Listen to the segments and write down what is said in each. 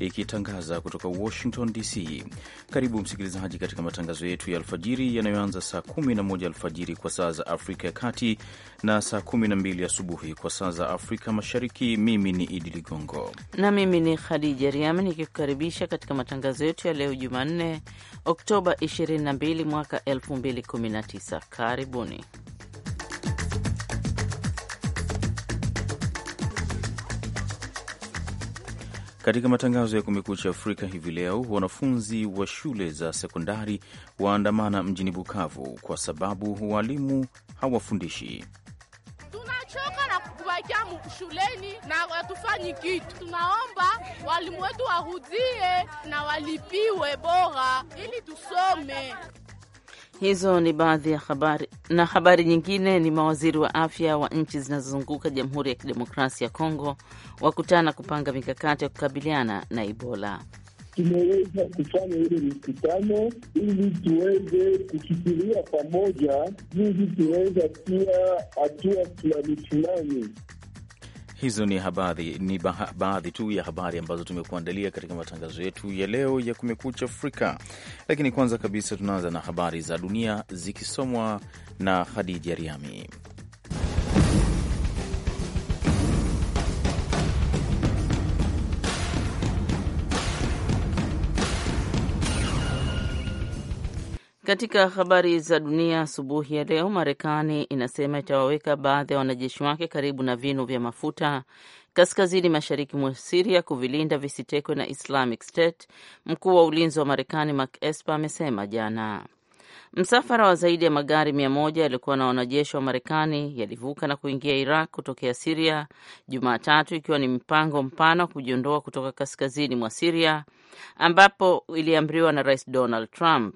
ikitangaza kutoka Washington DC. Karibu msikilizaji katika matangazo yetu ya alfajiri yanayoanza saa 11 alfajiri kwa saa za Afrika ya Kati na saa 12 asubuhi kwa saa za Afrika Mashariki. Mimi ni Idi Ligongo na mimi ni Khadija Riami nikikukaribisha katika matangazo yetu ya leo Jumanne, Oktoba 22 mwaka 2019. Karibuni. Katika matangazo ya Kumekucha Afrika hivi leo, wanafunzi wa shule za sekondari waandamana mjini Bukavu kwa sababu walimu hawafundishi. Tunachoka na kubakia shuleni na watufanyi kitu. Tunaomba walimu wetu wahudie na walipiwe bora ili tusome. Hizo ni baadhi ya habari, na habari nyingine ni mawaziri wa afya wa nchi zinazozunguka Jamhuri ya Kidemokrasia ya Kongo wakutana kupanga mikakati ya kukabiliana na Ebola. Tumeweza kufanya ile mikutano ili tuweze kufikiria pamoja, ili tuweza pia hatua fulani fulani Hizo ni habari, ni baadhi tu ya habari ambazo tumekuandalia katika matangazo yetu ya leo ya Kumekucha Afrika, lakini kwanza kabisa tunaanza na habari za dunia zikisomwa na Khadija Riami. Katika habari za dunia asubuhi ya leo, Marekani inasema itawaweka baadhi ya wanajeshi wake karibu na vinu vya mafuta kaskazini mashariki mwa Siria kuvilinda visitekwe na Islamic State. Mkuu wa ulinzi wa Marekani Mark Esper amesema jana msafara wa zaidi ya magari mia moja yaliokuwa na wanajeshi wa Marekani yalivuka na kuingia Iraq kutokea Siria Jumatatu, ikiwa ni mpango mpana wa kujiondoa kutoka kaskazini mwa Siria ambapo iliamriwa na Rais Donald Trump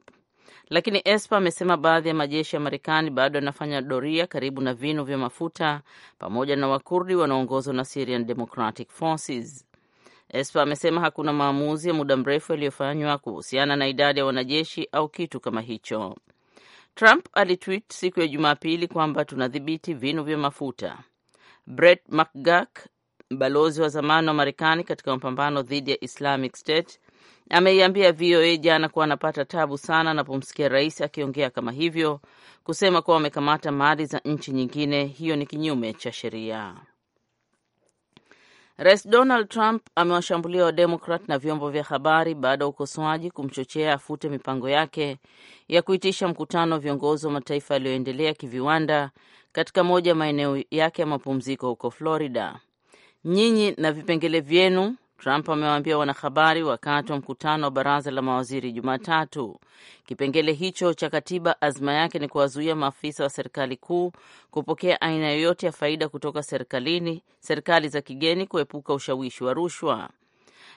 lakini Esper amesema baadhi ya majeshi ya Marekani bado yanafanya doria karibu na vinu vya mafuta pamoja na Wakurdi wanaoongozwa na Syrian Democratic Forces. Esper amesema hakuna maamuzi ya muda mrefu yaliyofanywa kuhusiana na idadi ya wanajeshi au kitu kama hicho. Trump alitweet siku ya Jumapili kwamba tunadhibiti vinu vya mafuta. Brett McGurk, balozi wa zamani wa Marekani katika mapambano dhidi ya Islamic State, ameiambia VOA jana kuwa anapata tabu sana anapomsikia rais akiongea kama hivyo, kusema kuwa wamekamata mali za nchi nyingine, hiyo ni kinyume cha sheria. Rais Donald Trump amewashambulia Wademokrat na vyombo vya habari baada ya ukosoaji kumchochea afute mipango yake ya kuitisha mkutano wa viongozi wa mataifa yaliyoendelea kiviwanda katika moja ya maeneo yake ya mapumziko huko Florida. Nyinyi na vipengele vyenu Trump amewaambia wanahabari wakati wa mkutano wa baraza la mawaziri Jumatatu. Kipengele hicho cha katiba azma yake ni kuwazuia maafisa wa serikali kuu kupokea aina yoyote ya faida kutoka serikalini, serikali za kigeni, kuepuka ushawishi wa rushwa.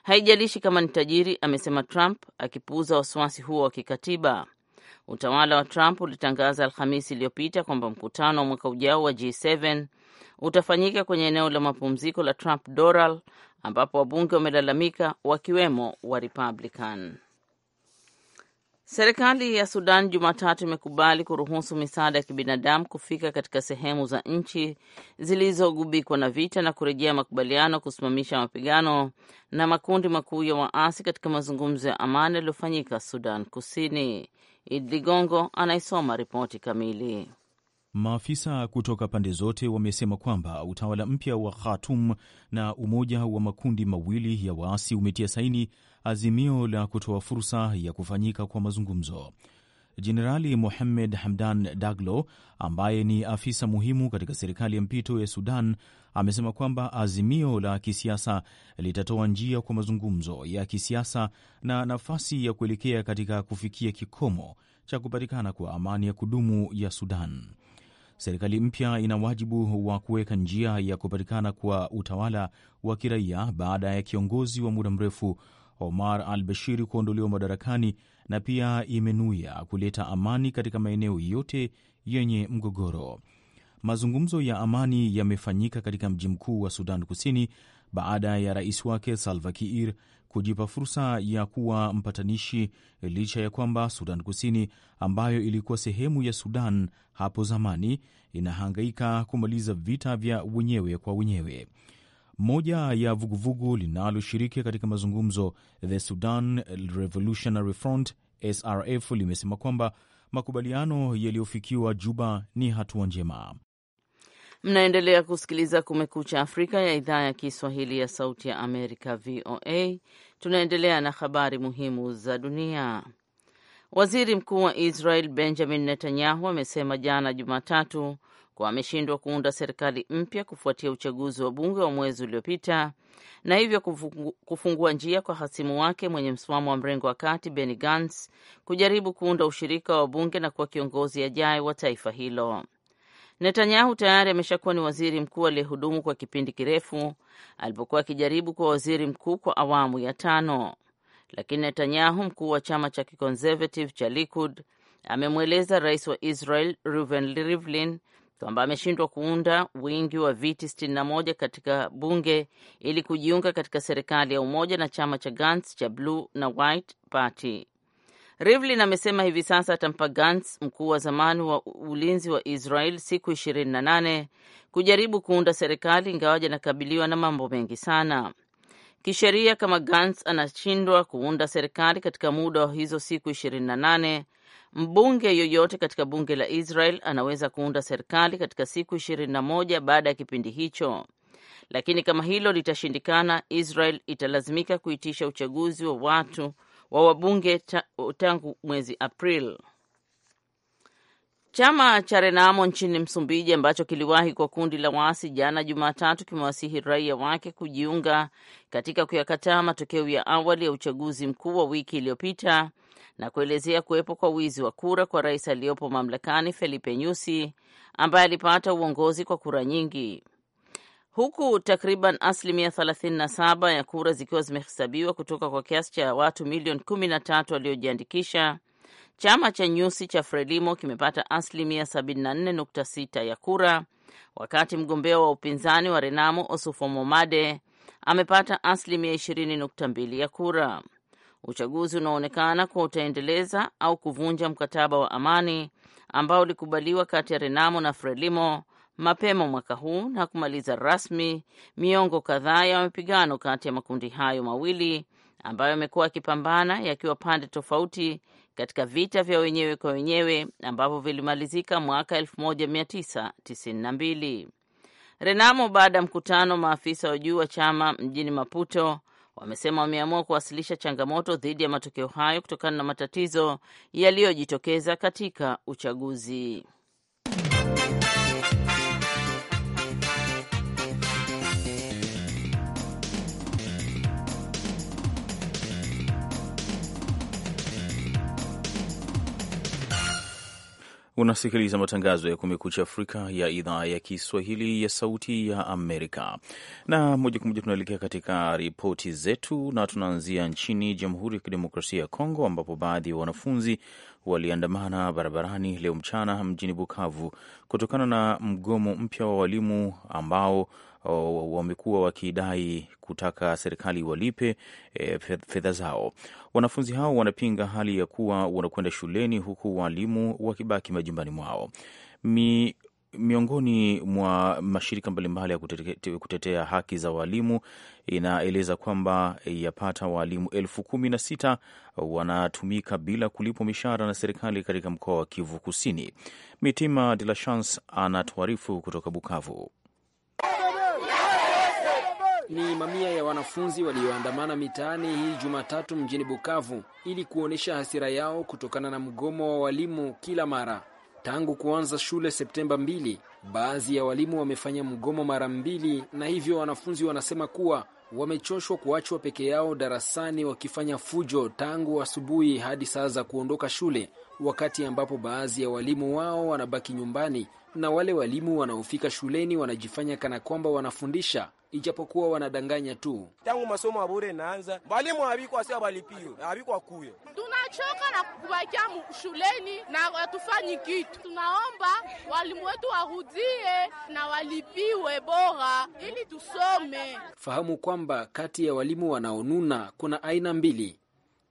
Haijalishi kama ni tajiri, amesema Trump, akipuuza wasiwasi huo wa kikatiba. Utawala wa Trump ulitangaza Alhamisi iliyopita kwamba mkutano wa mwaka ujao wa G7 utafanyika kwenye eneo la mapumziko la Trump Doral ambapo wabunge wamelalamika wakiwemo wa Republican. Serikali ya Sudan Jumatatu imekubali kuruhusu misaada ya kibinadamu kufika katika sehemu za nchi zilizogubikwa na vita na kurejea makubaliano kusimamisha mapigano na makundi makuu ya waasi katika mazungumzo ya amani yaliyofanyika Sudan Kusini. Idi Ligongo anaisoma ripoti kamili. Maafisa kutoka pande zote wamesema kwamba utawala mpya wa khatum na umoja wa makundi mawili ya waasi umetia saini azimio la kutoa fursa ya kufanyika kwa mazungumzo. Jenerali Mohamed Hamdan Daglo ambaye ni afisa muhimu katika serikali ya mpito ya Sudan amesema kwamba azimio la kisiasa litatoa njia kwa mazungumzo ya kisiasa na nafasi ya kuelekea katika kufikia kikomo cha kupatikana kwa amani ya kudumu ya Sudan. Serikali mpya ina wajibu wa kuweka njia ya kupatikana kwa utawala wa kiraia baada ya kiongozi wa muda mrefu Omar al-Bashir kuondolewa madarakani na pia imenuia kuleta amani katika maeneo yote yenye mgogoro. Mazungumzo ya amani yamefanyika katika mji mkuu wa Sudan Kusini baada ya rais wake Salva Kiir kujipa fursa ya kuwa mpatanishi licha ya kwamba Sudan Kusini ambayo ilikuwa sehemu ya Sudan hapo zamani inahangaika kumaliza vita vya wenyewe kwa wenyewe. Moja ya vuguvugu linaloshiriki katika mazungumzo, The Sudan Revolutionary Front SRF, limesema kwamba makubaliano yaliyofikiwa Juba ni hatua njema. Mnaendelea kusikiliza Kumekucha Afrika ya idhaa ya Kiswahili ya Sauti ya Amerika, VOA. Tunaendelea na habari muhimu za dunia. Waziri Mkuu wa Israel Benjamin Netanyahu amesema jana Jumatatu kuwa ameshindwa kuunda serikali mpya kufuatia uchaguzi wa bunge wa mwezi uliopita na hivyo kufungu, kufungua njia kwa hasimu wake mwenye msimamo wa mrengo wa kati Benny Gantz kujaribu kuunda ushirika wa bunge na kuwa kiongozi ajaye wa taifa hilo. Netanyahu tayari ameshakuwa ni waziri mkuu aliyehudumu kwa kipindi kirefu alipokuwa akijaribu kuwa waziri mkuu kwa awamu ya tano, lakini Netanyahu, mkuu wa chama cha kiconservative cha Likud, amemweleza rais wa Israel Reuven Rivlin kwamba ameshindwa kuunda wingi wa viti 61 katika bunge ili kujiunga katika serikali ya umoja na chama cha Gantz cha Blue na White Party. Rivlin amesema hivi sasa atampa Gantz, mkuu wa zamani wa ulinzi wa Israel, siku 28 kujaribu kuunda serikali, ingawaji anakabiliwa na mambo mengi sana kisheria. Kama Gantz anashindwa kuunda serikali katika muda wa hizo siku 28, na nane, mbunge yoyote katika bunge la Israel anaweza kuunda serikali katika siku 21 baada ya kipindi hicho. Lakini kama hilo litashindikana, Israel italazimika kuitisha uchaguzi wa watu wa wabunge ta, tangu mwezi april Chama cha Renamo nchini Msumbiji ambacho kiliwahi kwa kundi la waasi, jana Jumatatu, kimewasihi raia wake kujiunga katika kuyakataa matokeo ya awali ya uchaguzi mkuu wa wiki iliyopita na kuelezea kuwepo kwa wizi wa kura kwa rais aliyopo mamlakani Felipe Nyusi ambaye alipata uongozi kwa kura nyingi huku takriban asilimia 37 ya kura zikiwa zimehesabiwa kutoka kwa kiasi cha watu milioni 13 waliojiandikisha. Chama cha nyusi cha Frelimo kimepata asilimia 74.6 ya kura, wakati mgombea wa upinzani wa Renamo Osufo Momade amepata asilimia 20.2 ya kura. Uchaguzi unaonekana kuwa utaendeleza au kuvunja mkataba wa amani ambao ulikubaliwa kati ya Renamo na Frelimo mapema mwaka huu na kumaliza rasmi miongo kadhaa ya mapigano kati ya makundi hayo mawili ambayo yamekuwa yakipambana yakiwa pande tofauti katika vita vya wenyewe kwa wenyewe ambavyo vilimalizika mwaka 1992. Renamo, baada ya mkutano, maafisa wa juu wa chama mjini Maputo wamesema wameamua kuwasilisha changamoto dhidi ya matokeo hayo kutokana na matatizo yaliyojitokeza katika uchaguzi. Unasikiliza matangazo ya Kumekucha Afrika ya idhaa ya Kiswahili ya Sauti ya Amerika, na moja kwa moja tunaelekea katika ripoti zetu, na tunaanzia nchini Jamhuri ya Kidemokrasia ya Kongo, ambapo baadhi ya wanafunzi waliandamana barabarani leo mchana mjini Bukavu kutokana na mgomo mpya wa walimu ambao wamekuwa wakidai kutaka serikali walipe e, fedha zao. Wanafunzi hao wanapinga hali ya kuwa wanakwenda shuleni huku waalimu wakibaki majumbani mwao. Mi, miongoni mwa mashirika mbalimbali ya kutetea haki za waalimu inaeleza kwamba yapata waalimu elfu kumi na sita wanatumika bila kulipwa mishahara na serikali katika mkoa wa Kivu Kusini. Mitima de la Chance anatuarifu kutoka Bukavu ni mamia ya wanafunzi walioandamana mitaani hii Jumatatu mjini Bukavu ili kuonyesha hasira yao kutokana na mgomo wa walimu kila mara tangu kuanza shule Septemba 2. Baadhi ya walimu wamefanya mgomo mara mbili, na hivyo wanafunzi wanasema kuwa wamechoshwa kuachwa peke yao darasani wakifanya fujo tangu asubuhi hadi saa za kuondoka shule, wakati ambapo baadhi ya walimu wao wanabaki nyumbani na wale walimu wanaofika shuleni wanajifanya kana kwamba wanafundisha ijapokuwa wanadanganya tu. Tangu masomo ya bure naanza, mwalimu habiko asia balipio habiko akuyo, tunachoka na kubakia shuleni na hatufanyi kitu. Tunaomba walimu wetu warudie na walipiwe bora ili tusome. Fahamu kwamba kati ya walimu wanaonuna kuna aina mbili.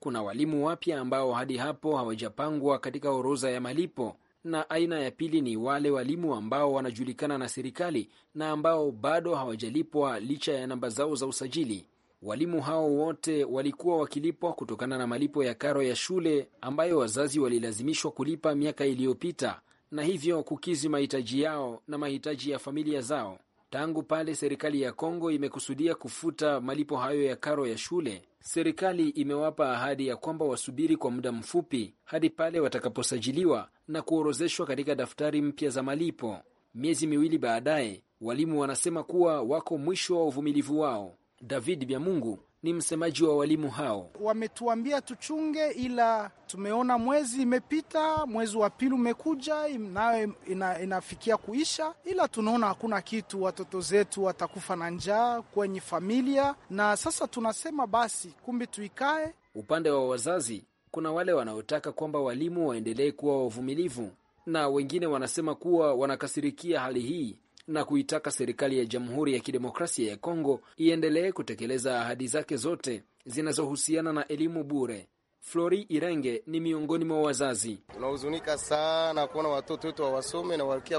Kuna walimu wapya ambao hadi hapo hawajapangwa katika orodha ya malipo na aina ya pili ni wale walimu ambao wanajulikana na serikali na ambao bado hawajalipwa licha ya namba zao za usajili. Walimu hao wote walikuwa wakilipwa kutokana na malipo ya karo ya shule ambayo wazazi walilazimishwa kulipa miaka iliyopita, na hivyo kukizi mahitaji yao na mahitaji ya familia zao. Tangu pale serikali ya Kongo imekusudia kufuta malipo hayo ya karo ya shule. Serikali imewapa ahadi ya kwamba wasubiri kwa muda mfupi hadi pale watakaposajiliwa na kuorozeshwa katika daftari mpya za malipo. Miezi miwili baadaye, walimu wanasema kuwa wako mwisho wa uvumilivu wao. David Byamungu, ni msemaji wa walimu hao. Wametuambia tuchunge, ila tumeona mwezi imepita, mwezi wa pili umekuja, nayo ina, inafikia kuisha, ila tunaona hakuna kitu. Watoto zetu watakufa na njaa kwenye familia, na sasa tunasema basi, kumbi tuikae. Upande wa wazazi, kuna wale wanaotaka kwamba walimu waendelee kuwa wavumilivu na wengine wanasema kuwa wanakasirikia hali hii na kuitaka serikali ya Jamhuri ya Kidemokrasia ya Kongo iendelee kutekeleza ahadi zake zote zinazohusiana na elimu bure. Flori Irenge ni miongoni mwa wazazi. Tunahuzunika sana kuona watoto wetu wawasome na walkia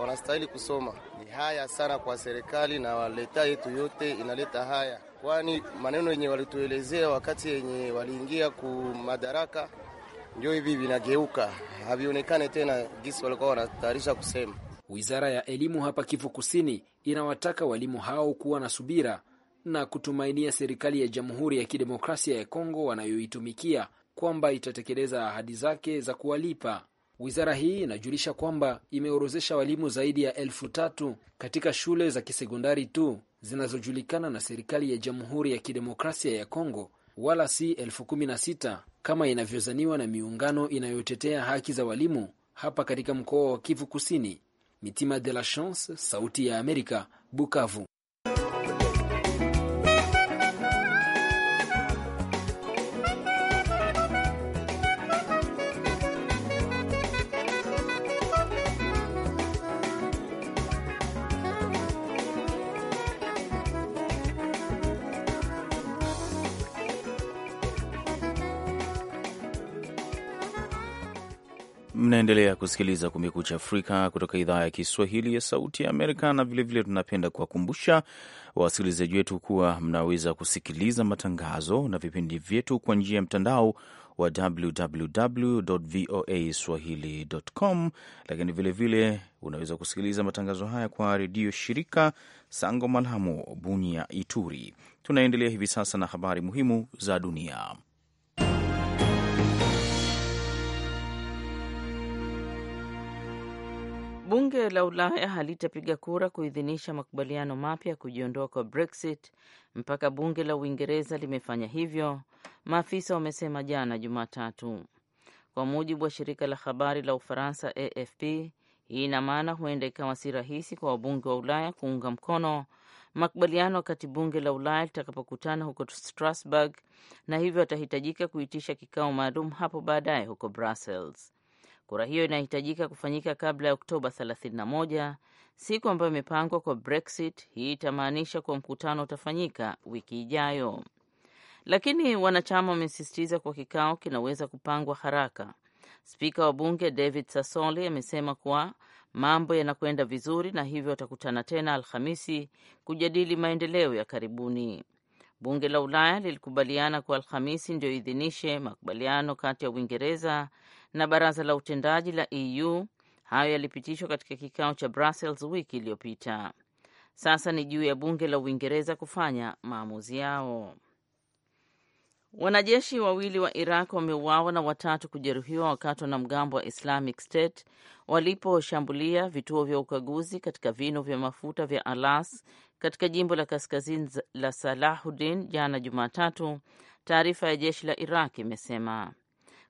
wanastahili kusoma. Ni haya sana kwa serikali na waleta yetu yote inaleta haya, kwani maneno yenye walituelezea wakati yenye waliingia ku madaraka ndio hivi vinageuka, havionekane tena gisi walikuwa wanatayarisha kusema Wizara ya elimu hapa Kivu Kusini inawataka walimu hao kuwa na subira na kutumainia serikali ya Jamhuri ya Kidemokrasia ya Kongo wanayoitumikia kwamba itatekeleza ahadi zake za kuwalipa. Wizara hii inajulisha kwamba imeorozesha walimu zaidi ya elfu tatu katika shule za kisekondari tu zinazojulikana na serikali ya Jamhuri ya Kidemokrasia ya Kongo, wala si elfu kumi na sita kama inavyozaniwa na miungano inayotetea haki za walimu hapa katika mkoa wa Kivu Kusini. Mitima de la Chance, Sauti ya america Bukavu. Mnaendelea kusikiliza Kumekucha Afrika kutoka idhaa ya Kiswahili ya Sauti ya Amerika, na vilevile vile tunapenda kuwakumbusha wasikilizaji wetu kuwa mnaweza kusikiliza matangazo na vipindi vyetu kwa njia ya mtandao wa www.voaswahili.com, lakini vilevile unaweza kusikiliza matangazo haya kwa redio shirika Sango Malamu, Bunia, Ituri. Tunaendelea hivi sasa na habari muhimu za dunia. Bunge la Ulaya halitapiga kura kuidhinisha makubaliano mapya ya kujiondoa kwa Brexit mpaka bunge la Uingereza limefanya hivyo, maafisa wamesema jana Jumatatu, kwa mujibu wa shirika la habari la Ufaransa AFP. Hii ina maana huenda ikawa si rahisi kwa wabunge wa Ulaya kuunga mkono makubaliano wakati bunge la Ulaya litakapokutana huko Strasbourg, na hivyo atahitajika kuitisha kikao maalum hapo baadaye huko Brussels. Kura hiyo inahitajika kufanyika kabla ya Oktoba 31, siku ambayo imepangwa kwa Brexit. Hii itamaanisha kuwa mkutano utafanyika wiki ijayo, lakini wanachama wamesisitiza kwa kikao kinaweza kupangwa haraka. Spika wa bunge David Sassoli amesema kuwa mambo yanakwenda vizuri na hivyo watakutana tena Alhamisi kujadili maendeleo ya karibuni. Bunge la Ulaya lilikubaliana kuwa Alhamisi ndio idhinishe makubaliano kati ya Uingereza na baraza la utendaji la EU. Hayo yalipitishwa katika kikao cha Brussels wiki iliyopita. Sasa ni juu ya bunge la Uingereza kufanya maamuzi yao. Wanajeshi wawili wa Iraq wameuawa na watatu kujeruhiwa wakati wanamgambo wa Islamic State waliposhambulia vituo vya ukaguzi katika vinu vya mafuta vya Alas katika jimbo la kaskazini la salahudin jana Jumatatu, taarifa ya jeshi la Iraq imesema.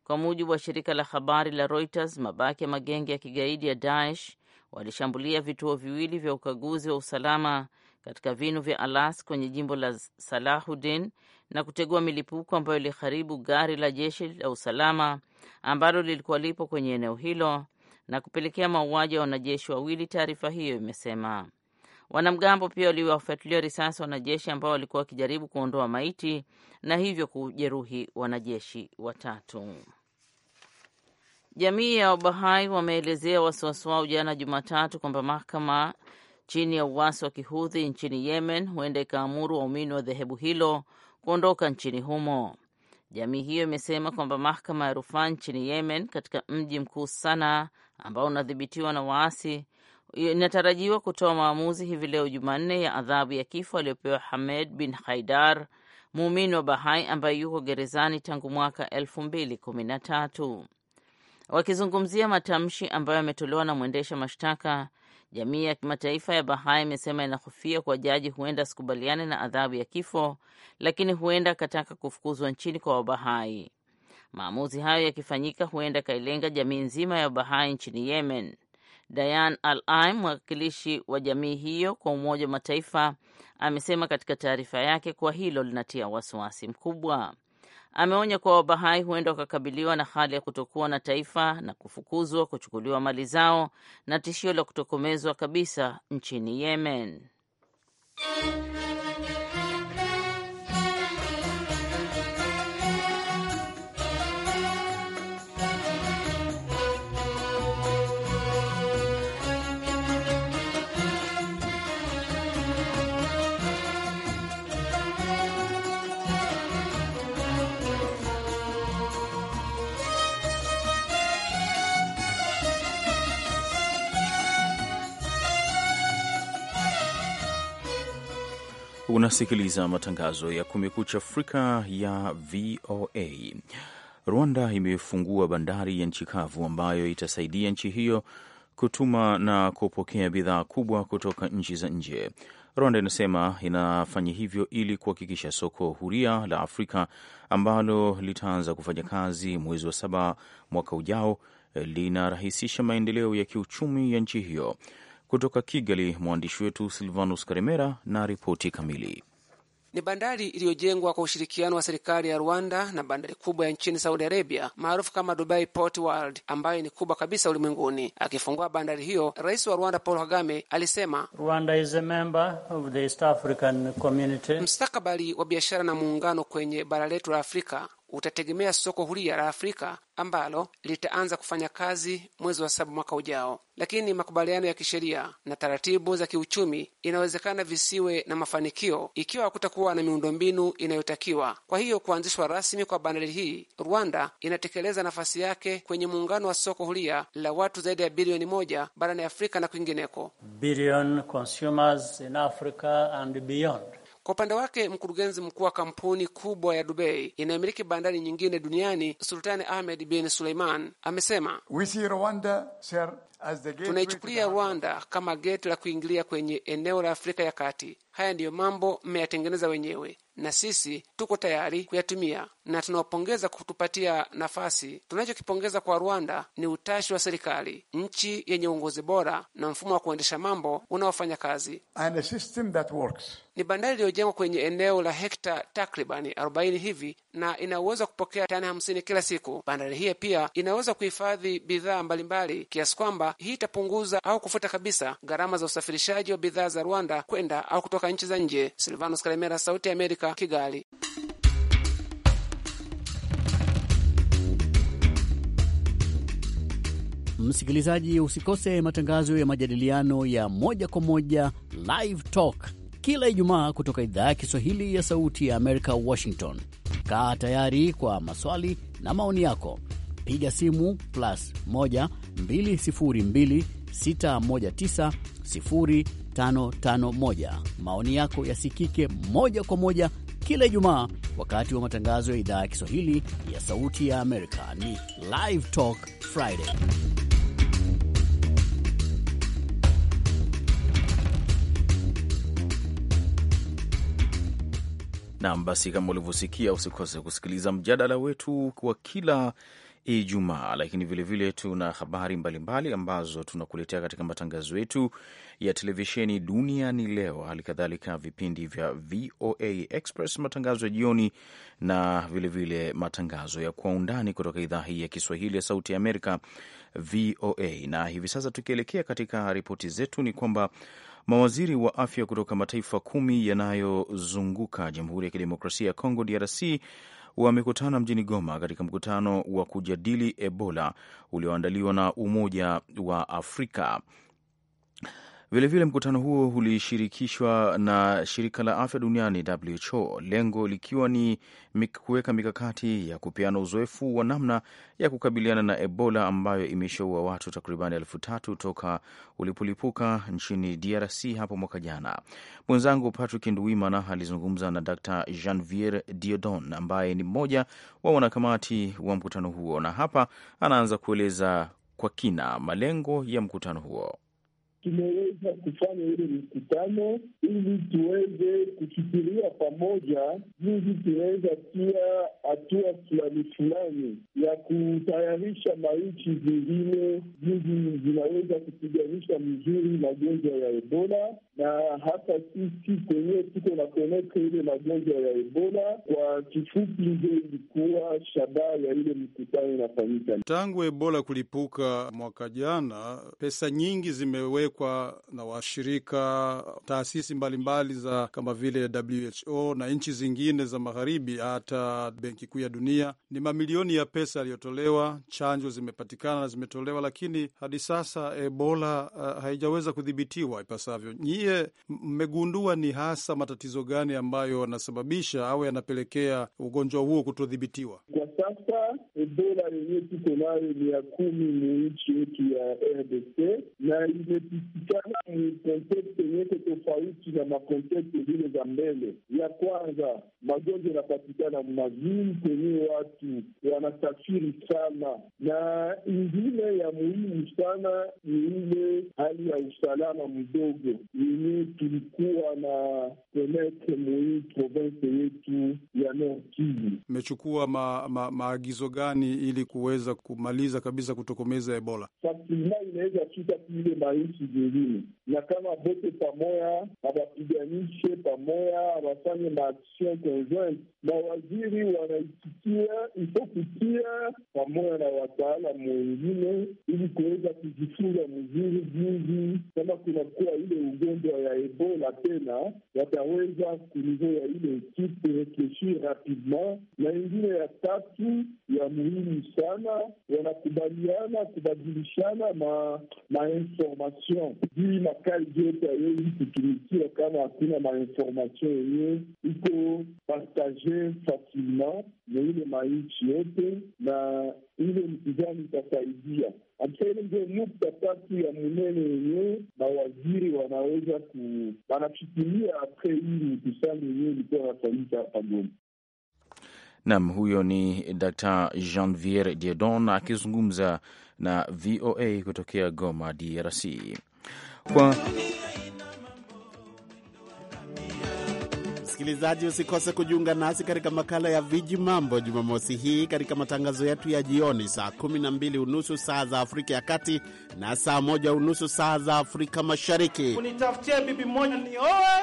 Kwa mujibu wa shirika la habari la Reuters, mabaki ya magenge ya kigaidi ya Daesh walishambulia vituo viwili vya ukaguzi wa usalama katika vinu vya Alas kwenye jimbo la Salahudin na kutegua milipuko ambayo iliharibu gari la jeshi la usalama ambalo lilikuwa lipo kwenye eneo hilo na kupelekea mauaji ya wanajeshi wawili, taarifa hiyo imesema. Wanamgambo pia waliwafuatilia risasi wanajeshi ambao walikuwa wakijaribu kuondoa maiti na hivyo kujeruhi wanajeshi watatu. Jamii ya Wabahai wameelezea wasiwasi wao jana Jumatatu kwamba mahakama chini ya uwasi wa kihudhi nchini Yemen huenda ikaamuru waumini wa dhehebu hilo kuondoka nchini humo. Jamii hiyo imesema kwamba mahakama ya rufaa nchini Yemen katika mji mkuu Sanaa ambao unadhibitiwa na waasi inatarajiwa kutoa maamuzi hivi leo Jumanne ya adhabu ya kifo aliyopewa Hamed bin Haidar, muumini wa Bahai ambaye yuko gerezani tangu mwaka elfu mbili kumi na tatu. Wakizungumzia matamshi ambayo yametolewa na mwendesha mashtaka, jamii ya kimataifa ya Bahai imesema inahofia kwa jaji huenda asikubaliane na adhabu ya kifo, lakini huenda akataka kufukuzwa nchini kwa Wabahai. Maamuzi hayo yakifanyika, huenda akailenga jamii nzima ya Wabahai nchini Yemen. Dayan Al-Aim, mwakilishi wa jamii hiyo kwa Umoja wa Mataifa, amesema katika taarifa yake kuwa hilo linatia wasiwasi mkubwa. Ameonya kuwa Wabahai huenda wakakabiliwa na hali ya kutokuwa na taifa na kufukuzwa, kuchukuliwa mali zao na tishio la kutokomezwa kabisa nchini Yemen. Unasikiliza matangazo ya Kumekucha Afrika ya VOA. Rwanda imefungua bandari ya nchi kavu ambayo itasaidia nchi hiyo kutuma na kupokea bidhaa kubwa kutoka nchi za nje. Rwanda inasema inafanya hivyo ili kuhakikisha soko huria la Afrika ambalo litaanza kufanya kazi mwezi wa saba mwaka ujao eh, linarahisisha maendeleo ya kiuchumi ya nchi hiyo. Kutoka Kigali, mwandishi wetu Silvanus Karimera na ripoti kamili. Ni bandari iliyojengwa kwa ushirikiano wa serikali ya Rwanda na bandari kubwa ya nchini Saudi Arabia maarufu kama Dubai Port World ambayo ni kubwa kabisa ulimwenguni. Akifungua bandari hiyo, rais wa Rwanda Paul Kagame alisema Rwanda is a member of the East African Community. Mstakabali wa biashara na muungano kwenye bara letu la Afrika utategemea soko huria la Afrika ambalo litaanza kufanya kazi mwezi wa saba mwaka ujao, lakini makubaliano ya kisheria na taratibu za kiuchumi inawezekana visiwe na mafanikio ikiwa hakutakuwa na miundombinu inayotakiwa. Kwa hiyo kuanzishwa rasmi kwa bandari hii, Rwanda inatekeleza nafasi yake kwenye muungano wa soko huria la watu zaidi ya bilioni moja barani Afrika na kwingineko. Billion consumers in Africa and beyond. Kwa upande wake mkurugenzi mkuu wa kampuni kubwa ya Dubai inayomiliki bandari nyingine duniani Sultani Ahmed bin Suleiman amesema We see Rwanda, sir. Tunaichukulia Rwanda kama geti la kuingilia kwenye eneo la Afrika ya Kati. Haya ndiyo mambo mmeyatengeneza wenyewe, na sisi tuko tayari kuyatumia na tunawapongeza kutupatia nafasi. Tunachokipongeza kwa Rwanda ni utashi wa serikali, nchi yenye uongozi bora na mfumo wa kuendesha mambo unaofanya kazi. And a system that works. Ni bandari iliyojengwa kwenye eneo la hekta takribani 40 hivi na inaweza kupokea tani 50 kila siku. Bandari hiyo pia inaweza kuhifadhi bidhaa mbalimbali kiasi kwamba hii itapunguza au kufuta kabisa gharama za usafirishaji wa bidhaa za Rwanda kwenda au kutoka nchi za nje. Silvanos Kalemera, Sauti ya Amerika, Kigali. Msikilizaji, usikose matangazo ya majadiliano ya moja kwa moja Live Talk kila Ijumaa kutoka idhaa ya Kiswahili ya Sauti ya Amerika, Washington. Kaa tayari kwa maswali na maoni yako piga simu plus 1 Maoni yako yasikike moja kwa moja kila Ijumaa wakati wa matangazo ya idhaa ya Kiswahili ya Sauti ya Amerika. Ni Live Talk Friday. Nam basi kama ulivyosikia, usikose kusikiliza mjadala wetu kwa kila Ijumaa, lakini vilevile tuna habari mbalimbali ambazo tunakuletea katika matangazo yetu ya televisheni duniani leo, hali kadhalika vipindi vya VOA Express, matangazo ya jioni na vilevile vile matangazo ya kwa undani kutoka idhaa hii ya Kiswahili ya Sauti ya Amerika, VOA. Na hivi sasa tukielekea katika ripoti zetu ni kwamba mawaziri wa afya kutoka mataifa kumi yanayozunguka Jamhuri ya Kidemokrasia ya Kongo, DRC wamekutana mjini Goma katika mkutano wa kujadili Ebola ulioandaliwa na Umoja wa Afrika Vilevile mkutano huo ulishirikishwa na shirika la afya duniani WHO, lengo likiwa ni kuweka mikakati ya kupeana uzoefu wa namna ya kukabiliana na Ebola ambayo imeshaua watu takriban elfu tatu toka ulipolipuka nchini DRC hapo mwaka jana. Mwenzangu Patrick Nduwimana alizungumza na Dr Janvier Diodon ambaye ni mmoja wa wanakamati wa mkutano huo, na hapa anaanza kueleza kwa kina malengo ya mkutano huo tumeweza kufanya ile mikutano ili tuweze kufikiria pamoja jinsi tunaweza pia hatua fulani fulani ya kutayarisha manchi zingine jinsi zinaweza kupiganisha mzuri magonjwa ya Ebola, na hata sisi kwenyewe tuko na konekta ile magonjwa ya Ebola. Kwa kifupi, ndio ilikuwa shabaha ya ile mikutano inafanyika. Tangu Ebola kulipuka mwaka jana, pesa nyingi zimewekwa imewekwa na washirika taasisi mbalimbali za kama vile WHO na nchi zingine za magharibi, hata Benki Kuu ya Dunia. Ni mamilioni ya pesa yaliyotolewa, chanjo zimepatikana na zimetolewa, lakini hadi sasa Ebola uh, haijaweza kudhibitiwa ipasavyo. Nyiye mmegundua ni hasa matatizo gani ambayo yanasababisha au yanapelekea ugonjwa huo kutodhibitiwa kwa sasa? Ebola yenyewe tuko nayo ni ya kumi ni nchi yetu ya RDC na imepitikana konsepti nyete tofauti na makonsepti zile za mbele. Ya kwanza, magonjwa yanapatikana mazuri kwenye watu wanasafiri sana, na ingine ya muhimu sana ni ile hali ya usalama mdogo yenye tulikuwa na penetre mui province yetu ya Nord Kivu mmechukua ma, ma, maagizo gani ili kuweza kumaliza kabisa kutokomeza Ebola? Rasilimali inaweza fika kile manchi zingine na kama bote pamoya abapiganishe pamoya, abafanye maaction conjointe. Mawaziri wanaitikia ifo kutia pamoya na wataalamu wengine, ili kuweza kujifunza mzuri jinsi, kama kunakuwa ile ugonjwa ya Ebola tena, wataweza kunivou ya ile ekipe refleshir rapidement. Na ingine ya tatu ya muhimu sana, wanakubaliana kubadilishana ma, ma information serikali jote haiwezi kutumikiwa kama hakuna mainformation yenyewe iko partage facilement na ile mainchi yote, na ile mtizani itasaidia kabisa. Ile ndio nukta tatu ya munene yenyewe mawaziri wanaweza ku wanafikiria apres hii mkusani yenyewe ilikuwa nafanyika hapa Goma. Nam, huyo ni Dr Janvier Diedon akizungumza na VOA kutokea Goma, DRC kwa Msikilizaji, usikose kujiunga nasi katika makala ya Viji Mambo Jumamosi hii katika matangazo yetu ya jioni saa kumi na mbili unusu saa za Afrika ya Kati na saa moja unusu saa za Afrika Mashariki. bibi moja nioe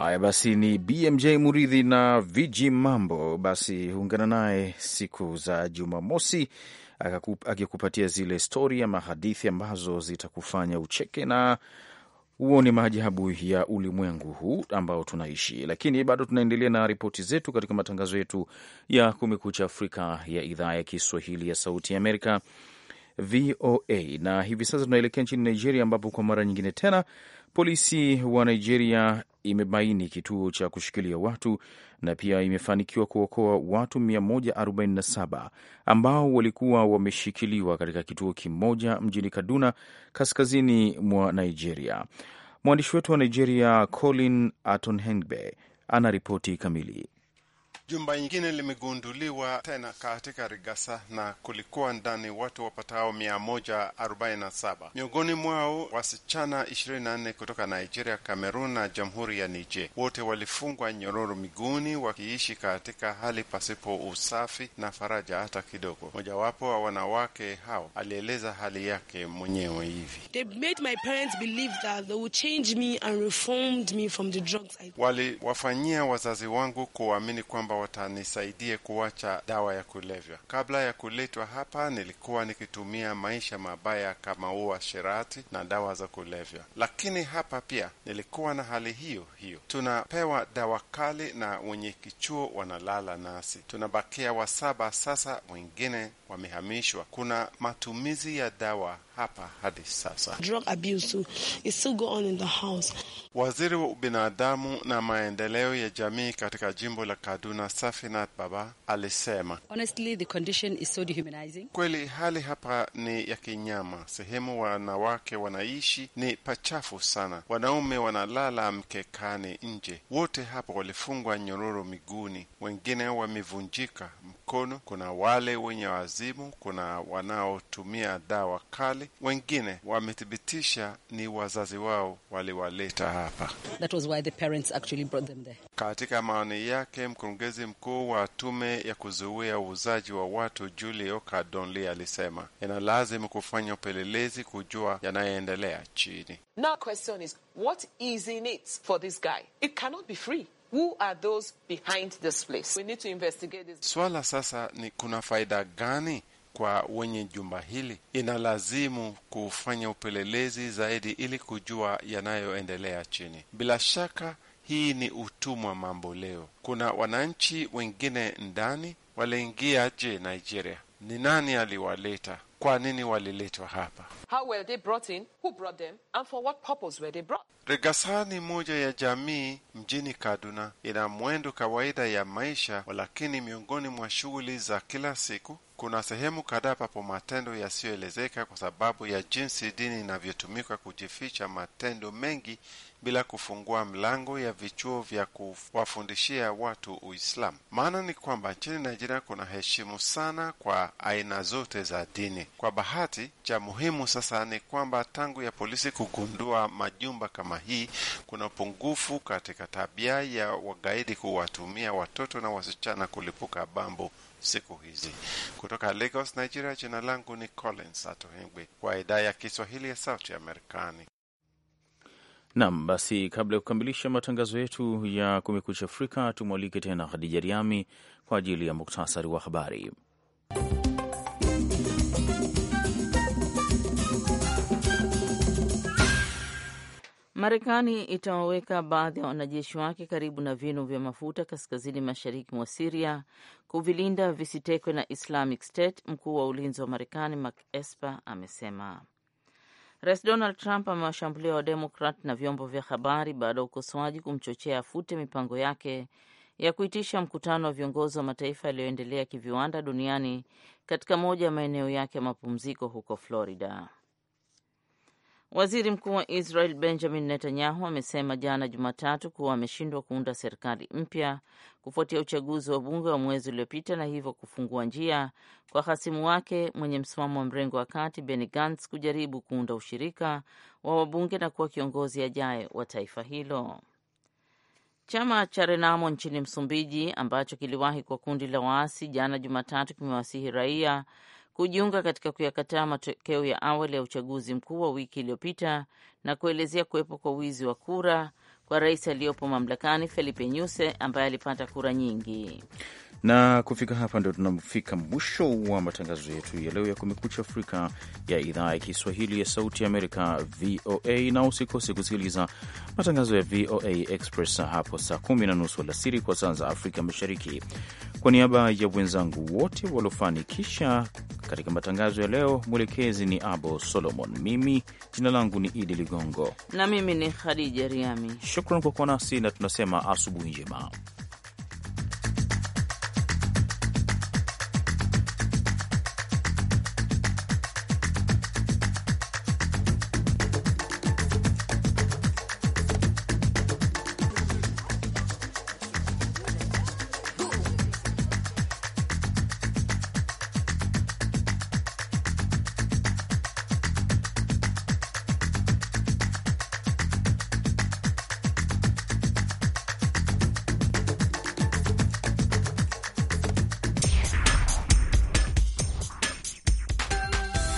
Haya basi, ni BMJ Muridhi na Viji Mambo. Basi ungana naye siku za Jumamosi akikupatia zile stori ama hadithi ambazo zitakufanya ucheke na uone maajabu ya ulimwengu huu ambao tunaishi. Lakini bado tunaendelea na ripoti zetu katika matangazo yetu ya Kumekucha Afrika ya idhaa ya Kiswahili ya Sauti ya Amerika, VOA. Na hivi sasa tunaelekea nchini Nigeria, ambapo kwa mara nyingine tena polisi wa Nigeria imebaini kituo cha kushikilia watu na pia imefanikiwa kuokoa watu 147 ambao walikuwa wameshikiliwa katika kituo kimoja mjini Kaduna, kaskazini mwa Nigeria. Mwandishi wetu wa Nigeria Colin Atonhengbe ana ripoti kamili. Jumba nyingine limegunduliwa tena katika Rigasa na kulikuwa ndani watu wapatao 147 miongoni mwao wasichana 24 kutoka Nigeria, Kamerun na jamhuri ya Niger. Wote walifungwa nyororo miguuni wakiishi katika hali pasipo usafi na faraja hata kidogo. Mojawapo wa wanawake hao alieleza hali yake mwenyewe hivi: They made my parents believe that they would change me and reformed me from the drugs I... waliwafanyia wazazi wangu kuamini kwamba watanisaidie kuacha dawa ya kulevya. Kabla ya kuletwa hapa, nilikuwa nikitumia maisha mabaya kama sherati na dawa za kulevya, lakini hapa pia nilikuwa na hali hiyo hiyo. Tunapewa dawa kali na wenye kichuo wanalala nasi, tunabakia wasaba. Sasa wengine wamehamishwa. Kuna matumizi ya dawa hapa hadi sasa. Drug abuse is still go on in the house. Waziri wa ubinadamu na maendeleo ya jamii katika jimbo la Kaduna, Safinat Baba, alisema Honestly, the condition is so dehumanizing. Kweli hali hapa ni ya kinyama. Sehemu wanawake wanaishi ni pachafu sana, wanaume wanalala mkekani nje. Wote hapa walifungwa nyororo miguuni, wengine wamevunjika mikono, kuna wale wenye wazimu, kuna wanaotumia dawa kali, wengine wamethibitisha ni wazazi wao waliwaleta hapa. That was why the parents actually brought them there. Katika maoni yake, mkurugenzi mkuu wa tume ya kuzuia uuzaji wa watu Julio Kadonli alisema inalazimu kufanya upelelezi kujua yanayoendelea chini Now question is what is in it for this guy? It cannot be free. Who are those behind this place? We need to investigate this. Swala sasa ni kuna faida gani kwa wenye jumba hili? Inalazimu kufanya upelelezi zaidi ili kujua yanayoendelea chini. Bila shaka hii ni utumwa mambo leo. Kuna wananchi wengine ndani waliingiaje Nigeria? Ni nani aliwaleta? kwa nini waliletwa hapa. regasani moja ya jamii mjini Kaduna, ina mwendo kawaida ya maisha, lakini miongoni mwa shughuli za kila siku kuna sehemu kadhaa papo matendo yasiyoelezeka kwa sababu ya jinsi dini inavyotumika kujificha matendo mengi bila kufungua mlango ya vichuo vya kuwafundishia watu Uislamu. Maana ni kwamba nchini Nigeria kuna heshimu sana kwa aina zote za dini. Kwa bahati, cha muhimu sasa ni kwamba tangu ya polisi kugundua majumba kama hii, kuna upungufu katika tabia ya wagaidi kuwatumia watoto na wasichana kulipuka bambo siku hizi. Kutoka Lagos, Nigeria, jina langu ni Collins Atohengwe, kwa idhaa ya Kiswahili ya Sauti Amerikani. Nam, basi kabla ya kukamilisha matangazo yetu ya Kumekucha Afrika, tumwalike tena Khadija Riami kwa ajili ya muktasari wa habari. Marekani itawaweka baadhi ya wanajeshi wake karibu na vinu vya mafuta kaskazini mashariki mwa Siria kuvilinda visitekwe na Islamic State. Mkuu wa ulinzi wa Marekani Mark Esper amesema Rais Donald Trump amewashambulia Wademokrat na vyombo vya habari baada ya ukosoaji kumchochea afute mipango yake ya kuitisha mkutano wa viongozi wa mataifa yaliyoendelea kiviwanda duniani katika moja ya maeneo yake ya mapumziko huko Florida. Waziri mkuu wa Israel Benjamin Netanyahu amesema jana Jumatatu kuwa ameshindwa kuunda serikali mpya kufuatia uchaguzi wa bunge wa mwezi uliopita na hivyo kufungua njia kwa hasimu wake mwenye msimamo wa mrengo wa kati Benny Gantz kujaribu kuunda ushirika wa wabunge na kuwa kiongozi ajaye wa taifa hilo. Chama cha Renamo nchini Msumbiji ambacho kiliwahi kwa kundi la waasi, jana Jumatatu kimewasihi raia kujiunga katika kuyakataa matokeo ya awali ya uchaguzi mkuu wa wiki iliyopita na kuelezea kuwepo kwa wizi wa kura kwa rais aliyopo mamlakani Felipe Nyuse ambaye alipata kura nyingi. Na kufika hapa ndio tunafika mwisho wa matangazo yetu ya leo ya Kumekucha Afrika ya idhaa ya Kiswahili ya Sauti Amerika, VOA. Na usikose kusikiliza matangazo ya VOA Express hapo saa kumi na nusu alasiri kwa saa za Afrika Mashariki. Kwa niaba ya wenzangu wote waliofanikisha katika matangazo ya leo, mwelekezi ni Abo Solomon, mimi jina langu ni Idi Ligongo na mimi ni Khadija Riami. Shukran kwa kuwa nasi na tunasema asubuhi njema.